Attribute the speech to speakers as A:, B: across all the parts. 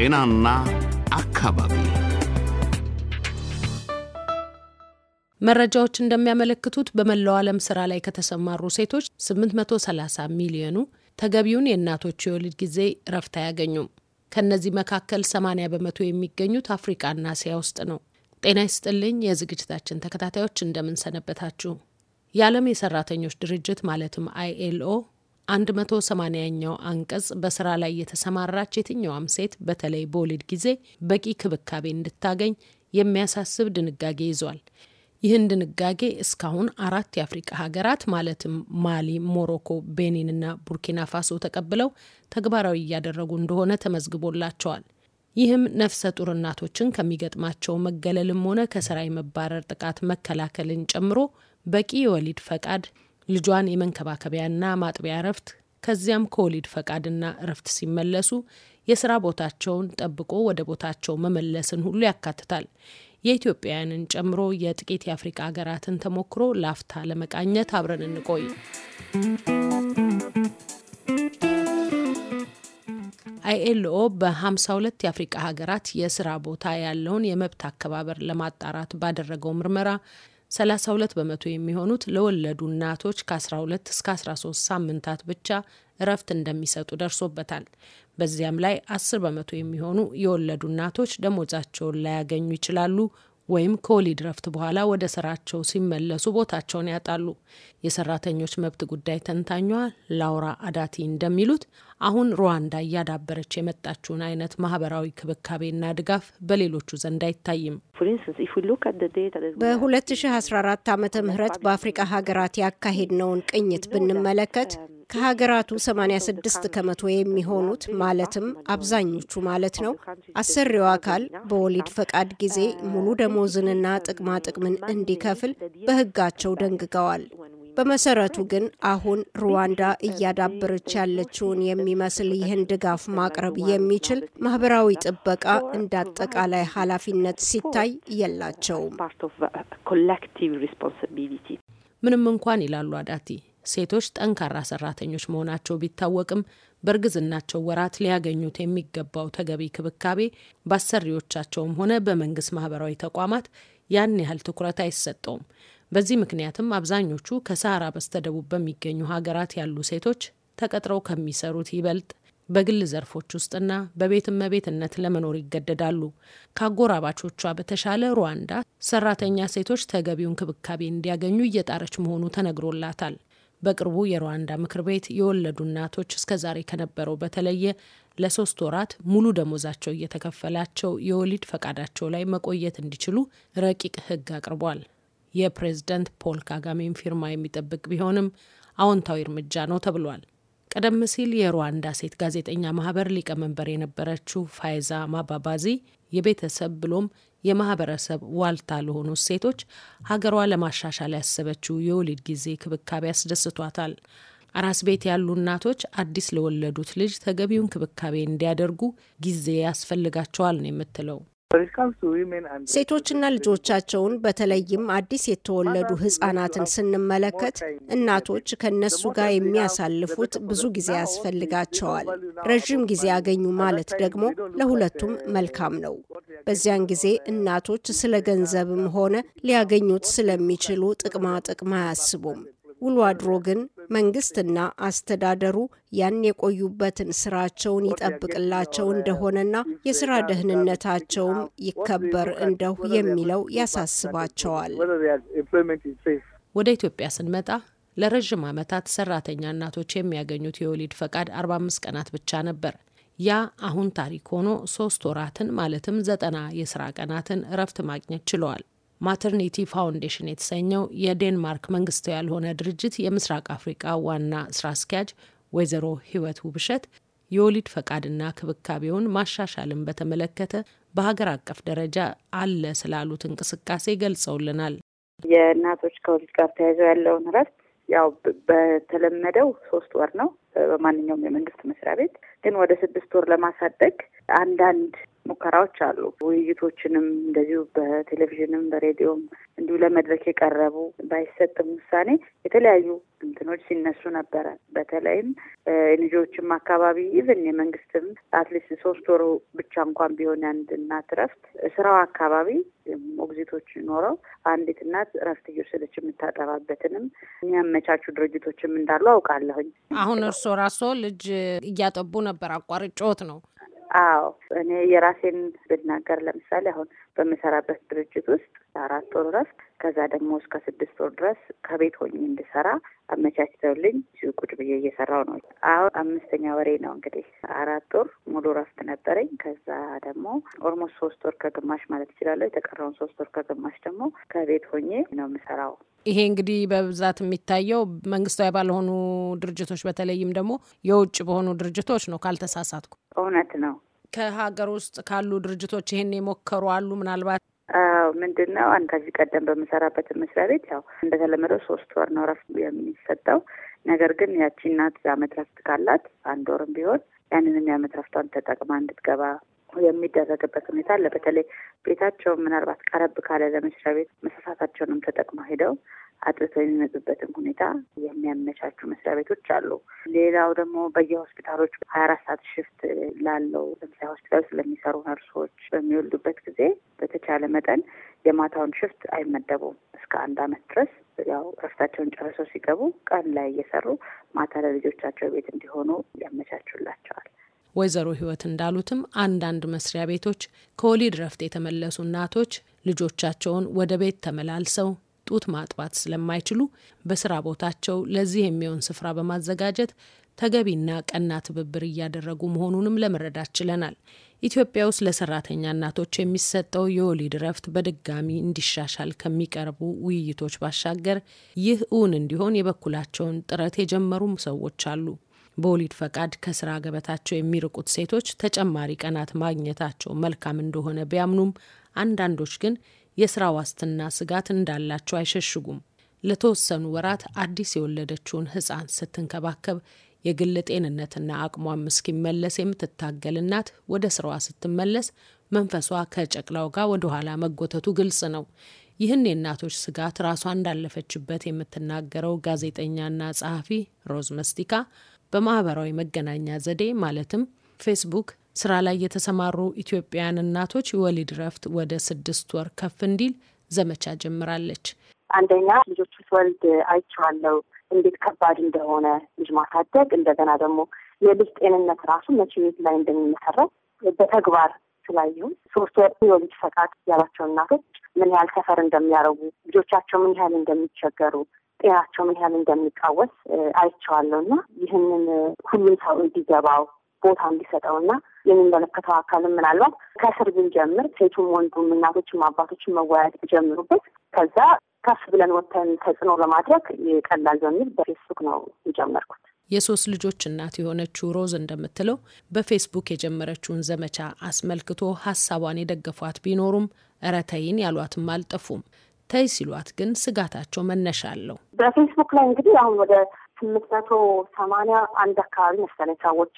A: ጤናና አካባቢ መረጃዎች እንደሚያመለክቱት በመላው ዓለም ስራ ላይ ከተሰማሩ ሴቶች 830 ሚሊዮኑ ተገቢውን የእናቶች የወሊድ ጊዜ እረፍት አያገኙም። ከእነዚህ መካከል 80 በመቶ የሚገኙት አፍሪቃና እስያ ውስጥ ነው። ጤና ይስጥልኝ የዝግጅታችን ተከታታዮች እንደምንሰነበታችሁ። የዓለም የሰራተኞች ድርጅት ማለትም አይኤልኦ 180ኛው አንቀጽ በስራ ላይ የተሰማራች የትኛዋም ሴት በተለይ በወሊድ ጊዜ በቂ ክብካቤ እንድታገኝ የሚያሳስብ ድንጋጌ ይዟል። ይህን ድንጋጌ እስካሁን አራት የአፍሪቃ ሀገራት ማለትም ማሊ፣ ሞሮኮ፣ ቤኒን እና ቡርኪና ፋሶ ተቀብለው ተግባራዊ እያደረጉ እንደሆነ ተመዝግቦላቸዋል። ይህም ነፍሰ ጡር እናቶችን ከሚገጥማቸው መገለልም ሆነ ከስራ የመባረር ጥቃት መከላከልን ጨምሮ በቂ የወሊድ ፈቃድ ልጇን የመንከባከቢያና ማጥቢያ ረፍት ከዚያም ከወሊድ ፈቃድና እረፍት ሲመለሱ የስራ ቦታቸውን ጠብቆ ወደ ቦታቸው መመለስን ሁሉ ያካትታል። የኢትዮጵያውያንን ጨምሮ የጥቂት የአፍሪካ ሀገራትን ተሞክሮ ላፍታ ለመቃኘት አብረን እንቆይ። አይኤልኦ በ52 የአፍሪቃ ሀገራት የስራ ቦታ ያለውን የመብት አከባበር ለማጣራት ባደረገው ምርመራ 32 በመቶ የሚሆኑት ለወለዱ እናቶች ከ12 እስከ 13 ሳምንታት ብቻ እረፍት እንደሚሰጡ ደርሶበታል። በዚያም ላይ 10 በመቶ የሚሆኑ የወለዱ እናቶች ደሞዛቸውን ላያገኙ ይችላሉ ወይም ከወሊድ ረፍት በኋላ ወደ ስራቸው ሲመለሱ ቦታቸውን ያጣሉ። የሰራተኞች መብት ጉዳይ ተንታኟ ላውራ አዳቲ እንደሚሉት አሁን ሩዋንዳ እያዳበረች የመጣችውን አይነት ማህበራዊ ክብካቤና ድጋፍ በሌሎቹ ዘንድ አይታይም።
B: በ2014 ዓ ምህረት በአፍሪቃ ሀገራት ያካሄድነውን ቅኝት ብንመለከት ከሀገራቱ 86 ከመቶ የሚሆኑት ማለትም አብዛኞቹ ማለት ነው አሰሪው አካል በወሊድ ፈቃድ ጊዜ ሙሉ ደሞዝንና ጥቅማ ጥቅምን እንዲከፍል በሕጋቸው ደንግገዋል። በመሰረቱ ግን አሁን ሩዋንዳ እያዳበረች ያለችውን የሚመስል ይህን ድጋፍ ማቅረብ የሚችል ማህበራዊ ጥበቃ እንደ አጠቃላይ ኃላፊነት ሲታይ የላቸውም።
A: ምንም እንኳን ይላሉ አዳቲ ሴቶች ጠንካራ ሰራተኞች መሆናቸው ቢታወቅም በእርግዝናቸው ወራት ሊያገኙት የሚገባው ተገቢ ክብካቤ በአሰሪዎቻቸውም ሆነ በመንግስት ማህበራዊ ተቋማት ያን ያህል ትኩረት አይሰጠውም። በዚህ ምክንያትም አብዛኞቹ ከሰሃራ በስተደቡብ በሚገኙ ሀገራት ያሉ ሴቶች ተቀጥረው ከሚሰሩት ይበልጥ በግል ዘርፎች ውስጥና በቤት እመቤትነት ለመኖር ይገደዳሉ። ከአጎራባቾቿ በተሻለ ሩዋንዳ ሰራተኛ ሴቶች ተገቢውን ክብካቤ እንዲያገኙ እየጣረች መሆኑ ተነግሮላታል። በቅርቡ የሩዋንዳ ምክር ቤት የወለዱ እናቶች እስከዛሬ ከነበረው በተለየ ለሶስት ወራት ሙሉ ደሞዛቸው እየተከፈላቸው የወሊድ ፈቃዳቸው ላይ መቆየት እንዲችሉ ረቂቅ ሕግ አቅርቧል። የፕሬዝደንት ፖል ካጋሜን ፊርማ የሚጠብቅ ቢሆንም አዎንታዊ እርምጃ ነው ተብሏል። ቀደም ሲል የሩዋንዳ ሴት ጋዜጠኛ ማህበር ሊቀመንበር የነበረችው ፋይዛ ማባባዚ የቤተሰብ ብሎም የማህበረሰብ ዋልታ ለሆኑ ሴቶች ሀገሯ ለማሻሻል ያሰበችው የወሊድ ጊዜ ክብካቤ ያስደስቷታል። አራስ ቤት ያሉ እናቶች አዲስ ለወለዱት ልጅ ተገቢውን ክብካቤ እንዲያደርጉ ጊዜ ያስፈልጋቸዋል ነው የምትለው።
B: ሴቶችና ልጆቻቸውን በተለይም አዲስ የተወለዱ ህጻናትን ስንመለከት እናቶች ከነሱ ጋር የሚያሳልፉት ብዙ ጊዜ ያስፈልጋቸዋል። ረዥም ጊዜ ያገኙ ማለት ደግሞ ለሁለቱም uh, መልካም ነው። በዚያን ጊዜ uh, እናቶች ስለ ገንዘብም ሆነ ሊያገኙት ስለሚችሉ ጥቅማ ጥቅም አያስቡም። ውሎ አድሮ ግን መንግስትና አስተዳደሩ ያን የቆዩበትን ስራቸውን ይጠብቅላቸው እንደሆነና የስራ ደህንነታቸውም ይከበር እንደሁ የሚለው ያሳስባቸዋል።
A: ወደ ኢትዮጵያ ስንመጣ ለረዥም ዓመታት ሰራተኛ እናቶች የሚያገኙት የወሊድ ፈቃድ 45 ቀናት ብቻ ነበር። ያ አሁን ታሪክ ሆኖ ሶስት ወራትን ማለትም ዘጠና የስራ ቀናትን እረፍት ማግኘት ችለዋል። ማተርኒቲ ፋውንዴሽን የተሰኘው የዴንማርክ መንግስት ያልሆነ ድርጅት የምስራቅ አፍሪቃ ዋና ስራ አስኪያጅ ወይዘሮ ህይወት ውብሸት የወሊድ ፈቃድና ክብካቤውን ማሻሻልን በተመለከተ በሀገር አቀፍ ደረጃ አለ ስላሉት እንቅስቃሴ ገልጸውልናል።
C: የእናቶች ከወሊድ ጋር ተያይዘው ያለውን እረፍት ያው በተለመደው ሶስት ወር ነው በማንኛውም የመንግስት መስሪያ ቤት ግን ወደ ስድስት ወር ለማሳደግ አንዳንድ ሙከራዎች አሉ። ውይይቶችንም እንደዚሁ በቴሌቪዥንም በሬዲዮም እንዲሁ ለመድረክ የቀረቡ ባይሰጥም ውሳኔ የተለያዩ እንትኖች ሲነሱ ነበረ። በተለይም ልጆችም አካባቢ ኢቨን የመንግስትም አትሊስት ሶስት ወሩ ብቻ እንኳን ቢሆን አንድ እናት እረፍት ስራው አካባቢ ሞግዚቶች ኖረው አንዲት እናት እረፍት እየወሰደች የምታጠባበትንም የሚያመቻቹ ድርጅቶችም እንዳሉ አውቃለሁኝ።
A: አሁን እርስዎ ራስዎ ልጅ እያጠቡ ነበር፣ አቋርጬዎት ነው አዎ እኔ የራሴን
C: ብናገር ለምሳሌ አሁን በምሰራበት ድርጅት ውስጥ አራት ወር ድረስ ከዛ ደግሞ እስከ ስድስት ወር ድረስ ከቤት ሆኜ እንድሰራ አመቻችተውልኝ ቁጭ ብዬ እየሰራው ነው። አሁን አምስተኛ ወሬ ነው እንግዲህ። አራት ወር ሙሉ እረፍት ነበረኝ። ከዛ ደግሞ ኦልሞስት ሶስት ወር ከግማሽ ማለት እችላለሁ። የተቀረውን ሶስት ወር ከግማሽ ደግሞ ከቤት ሆኜ ነው
A: የምሰራው። ይሄ እንግዲህ በብዛት የሚታየው መንግስታዊ ባልሆኑ ድርጅቶች በተለይም ደግሞ የውጭ በሆኑ ድርጅቶች ነው ካልተሳሳትኩ። እውነት ነው። ከሀገር ውስጥ ካሉ ድርጅቶች ይሄን የሞከሩ አሉ ምናልባት አዎ ምንድን ነው አንድ ከዚህ ቀደም በምሰራበት መስሪያ
C: ቤት ያው እንደተለመደው ሶስት ወር ነው ረፍት የሚሰጠው። ነገር ግን ያቺ እናት የዓመት ረፍት ካላት አንድ ወርም ቢሆን ያንንም የዓመት ረፍቷን ተጠቅማ እንድትገባ የሚደረግበት ሁኔታ አለ። በተለይ ቤታቸው ምናልባት ቀረብ ካለ ለመስሪያ ቤት መሳሳታቸውንም ተጠቅመው ሄደው አጥርቶ የሚመጡበትም ሁኔታ የሚያመቻቹ መስሪያ ቤቶች አሉ። ሌላው ደግሞ በየሆስፒታሎች ሀያ አራት ሰዓት ሽፍት ላለው ለምሳሌ ሆስፒታል ስለሚሰሩ ነርሶች በሚወልዱበት ጊዜ በተቻለ መጠን የማታውን ሽፍት አይመደቡም። እስከ አንድ አመት ድረስ ያው እረፍታቸውን ጨርሰው ሲገቡ ቀን ላይ እየሰሩ ማታ ለልጆቻቸው ቤት እንዲሆኑ ያመቻቹላቸዋል።
A: ወይዘሮ ህይወት እንዳሉትም አንዳንድ መስሪያ ቤቶች ከወሊድ ረፍት የተመለሱ እናቶች ልጆቻቸውን ወደ ቤት ተመላልሰው ጡት ማጥባት ስለማይችሉ በስራ ቦታቸው ለዚህ የሚሆን ስፍራ በማዘጋጀት ተገቢና ቀና ትብብር እያደረጉ መሆኑንም ለመረዳት ችለናል። ኢትዮጵያ ውስጥ ለሰራተኛ እናቶች የሚሰጠው የወሊድ ረፍት በድጋሚ እንዲሻሻል ከሚቀርቡ ውይይቶች ባሻገር ይህ እውን እንዲሆን የበኩላቸውን ጥረት የጀመሩም ሰዎች አሉ። በወሊድ ፈቃድ ከስራ ገበታቸው የሚርቁት ሴቶች ተጨማሪ ቀናት ማግኘታቸው መልካም እንደሆነ ቢያምኑም አንዳንዶች ግን የስራ ዋስትና ስጋት እንዳላቸው አይሸሽጉም። ለተወሰኑ ወራት አዲስ የወለደችውን ህፃን ስትንከባከብ የግል ጤንነትና አቅሟም እስኪመለስ የምትታገል እናት ወደ ስራዋ ስትመለስ መንፈሷ ከጨቅላው ጋር ወደ ኋላ መጎተቱ ግልጽ ነው። ይህን የእናቶች ስጋት ራሷ እንዳለፈችበት የምትናገረው ጋዜጠኛና ጸሐፊ ሮዝ መስቲካ በማህበራዊ መገናኛ ዘዴ ማለትም ፌስቡክ ስራ ላይ የተሰማሩ ኢትዮጵያውያን እናቶች ወሊድ ረፍት ወደ ስድስት ወር ከፍ እንዲል ዘመቻ ጀምራለች።
D: አንደኛ ልጆቹ ስወልድ አይቼዋለሁ እንዴት ከባድ እንደሆነ ልጅ ማሳደግ፣ እንደገና ደግሞ የልጅ ጤንነት ራሱ መቼ የት ላይ እንደሚመሰረት በተግባር ስላየሁ፣ ሶስት ወር የወሊድ ፈቃድ ያላቸው እናቶች ምን ያህል ሰፈር እንደሚያደርጉ ልጆቻቸው ምን ያህል እንደሚቸገሩ ጤናቸው ምን ያህል እንደሚቃወስ አይቼዋለሁ እና ይህንን ሁሉም ሰው እንዲገባው ቦታ እንዲሰጠው እና የሚመለከተው አካልም ምናልባት ከስር ብንጀምር ሴቱም፣ ወንዱም፣ እናቶችም አባቶችም መወያየት ቢጀምሩበት ከዛ ከፍ ብለን ወተን ተጽዕኖ ለማድረግ ይቀላል በሚል በፌስቡክ ነው የጀመርኩት።
A: የሶስት ልጆች እናት የሆነችው ሮዝ እንደምትለው በፌስቡክ የጀመረችውን ዘመቻ አስመልክቶ ሀሳቧን የደገፏት ቢኖሩም እረተይን ያሏትም አልጠፉም። ተይ ሲሏት ግን ስጋታቸው መነሻ አለው።
D: በፌስቡክ ላይ እንግዲህ አሁን ወደ ስምንት መቶ ሰማንያ አንድ አካባቢ መሰለኝ ሰዎች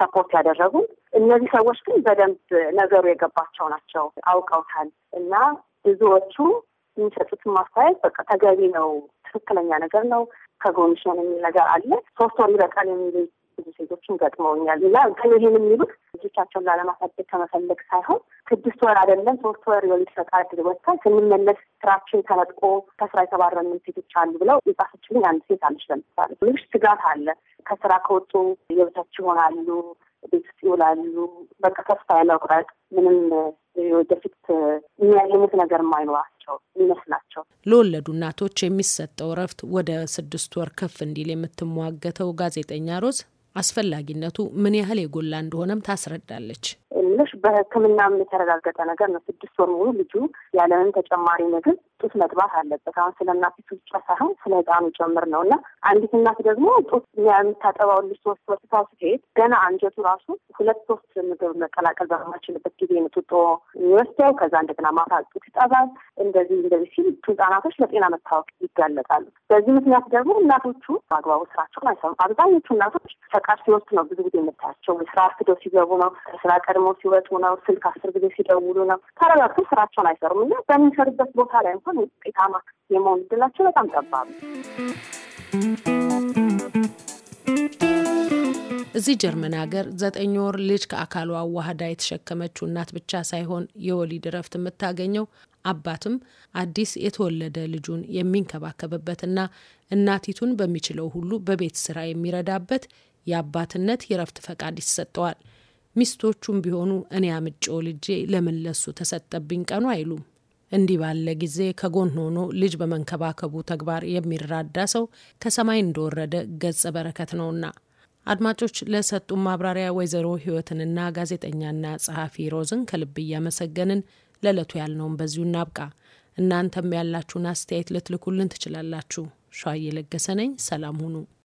D: ሰፖርት ያደረጉን። እነዚህ ሰዎች ግን በደንብ ነገሩ የገባቸው ናቸው፣ አውቀውታል እና ብዙዎቹ የሚሰጡትን ማስተያየት በቃ ተገቢ ነው፣ ትክክለኛ ነገር ነው፣ ከጎንሽ ነን የሚል ነገር አለ። ሶስት ወር ይበቃል የሚሉ ብዙ ሴቶችን ገጥመውኛል እና ግን ይህን የሚሉት ልጆቻቸውን ላለማሳደግ ከመፈለግ ሳይሆን ስድስት ወር አይደለም ሶስት ወር የወሊድ ፈቃድ ወጥታል ስንመለስ ስራችን ተነጥቆ ከስራ የተባረኑ ሴቶች አሉ ብለው የጻፈችልኝ አንድ ሴት አለች። ለምሳሌ ትንሽ ስጋት አለ። ከስራ ከወጡ የበታች ይሆናሉ፣ ቤት ውስጥ ይውላሉ። በቃ ተስፋ የመቁረጥ ምንም ወደፊት የሚያገኙት ነገር ማይኖራቸው ይመስላቸው።
A: ለወለዱ እናቶች የሚሰጠው እረፍት ወደ ስድስት ወር ከፍ እንዲል የምትሟገተው ጋዜጠኛ ሮዝ አስፈላጊነቱ ምን ያህል የጎላ እንደሆነም ታስረዳለች።
D: ምሽ በሕክምና የተረጋገጠ ነገር ነው። ስድስት ወር ሙሉ ልጁ ያለምን ተጨማሪ ምግብ ጡት መጥባት አለበት። አሁን ስለ እናት ብቻ ሳይሆን ስለ ሕፃኑ ጭምር ነው እና አንዲት እናት ደግሞ ጡት የምታጠባው ልጅ ሶስት ወር ትታው ስትሄድ ገና አንጀቱ ራሱ ሁለት ሶስት ምግብ መቀላቀል በማችልበት ጊዜ ንጡጦ የሚወስደው ከዛ እንደገና ማታ ጡት ይጠባል። እንደዚህ እንደዚህ ሲል ህጻናቶች ለጤና መታወቅ ይጋለጣሉ። በዚህ ምክንያት ደግሞ እናቶቹ አግባቡ ስራቸውን አይሰሩም። አብዛኞቹ እናቶች ፈቃድ ሲወስድ ነው ብዙ ጊዜ የምታያቸው። ስራ አርፍደው ሲገቡ ነው፣ ስራ ቀድሞ ሲወጡ ነው፣ ስልክ አስር ጊዜ ሲደውሉ ነው። ተረጋግተው ስራቸውን አይሰሩም እና በሚሰሩበት ቦታ ላይ እንኳን ውጤታማ የመሆን እድላቸው በጣም ጠባብ።
A: እዚህ ጀርመን ሀገር ዘጠኝ ወር ልጅ ከአካሏ ዋህዳ የተሸከመችው እናት ብቻ ሳይሆን የወሊድ እረፍት የምታገኘው አባትም አዲስ የተወለደ ልጁን የሚንከባከብበትና እናቲቱን በሚችለው ሁሉ በቤት ስራ የሚረዳበት የአባትነት የረፍት ፈቃድ ይሰጠዋል። ሚስቶቹም ቢሆኑ እኔ አምጬ ልጄ ለምን ለሱ ተሰጠብኝ ቀኑ አይሉም። እንዲህ ባለ ጊዜ ከጎን ሆኖ ልጅ በመንከባከቡ ተግባር የሚራዳ ሰው ከሰማይ እንደወረደ ገጸ በረከት ነውና። አድማጮች ለሰጡ ማብራሪያ ወይዘሮ ህይወትንና ጋዜጠኛና ጸሐፊ ሮዝን ከልብ እያመሰገንን ለዕለቱ ያልነውን በዚሁ እናብቃ። እናንተም ያላችሁን አስተያየት ልትልኩልን ትችላላችሁ። ሸዋዬ ለገሰ ነኝ። ሰላም ሁኑ።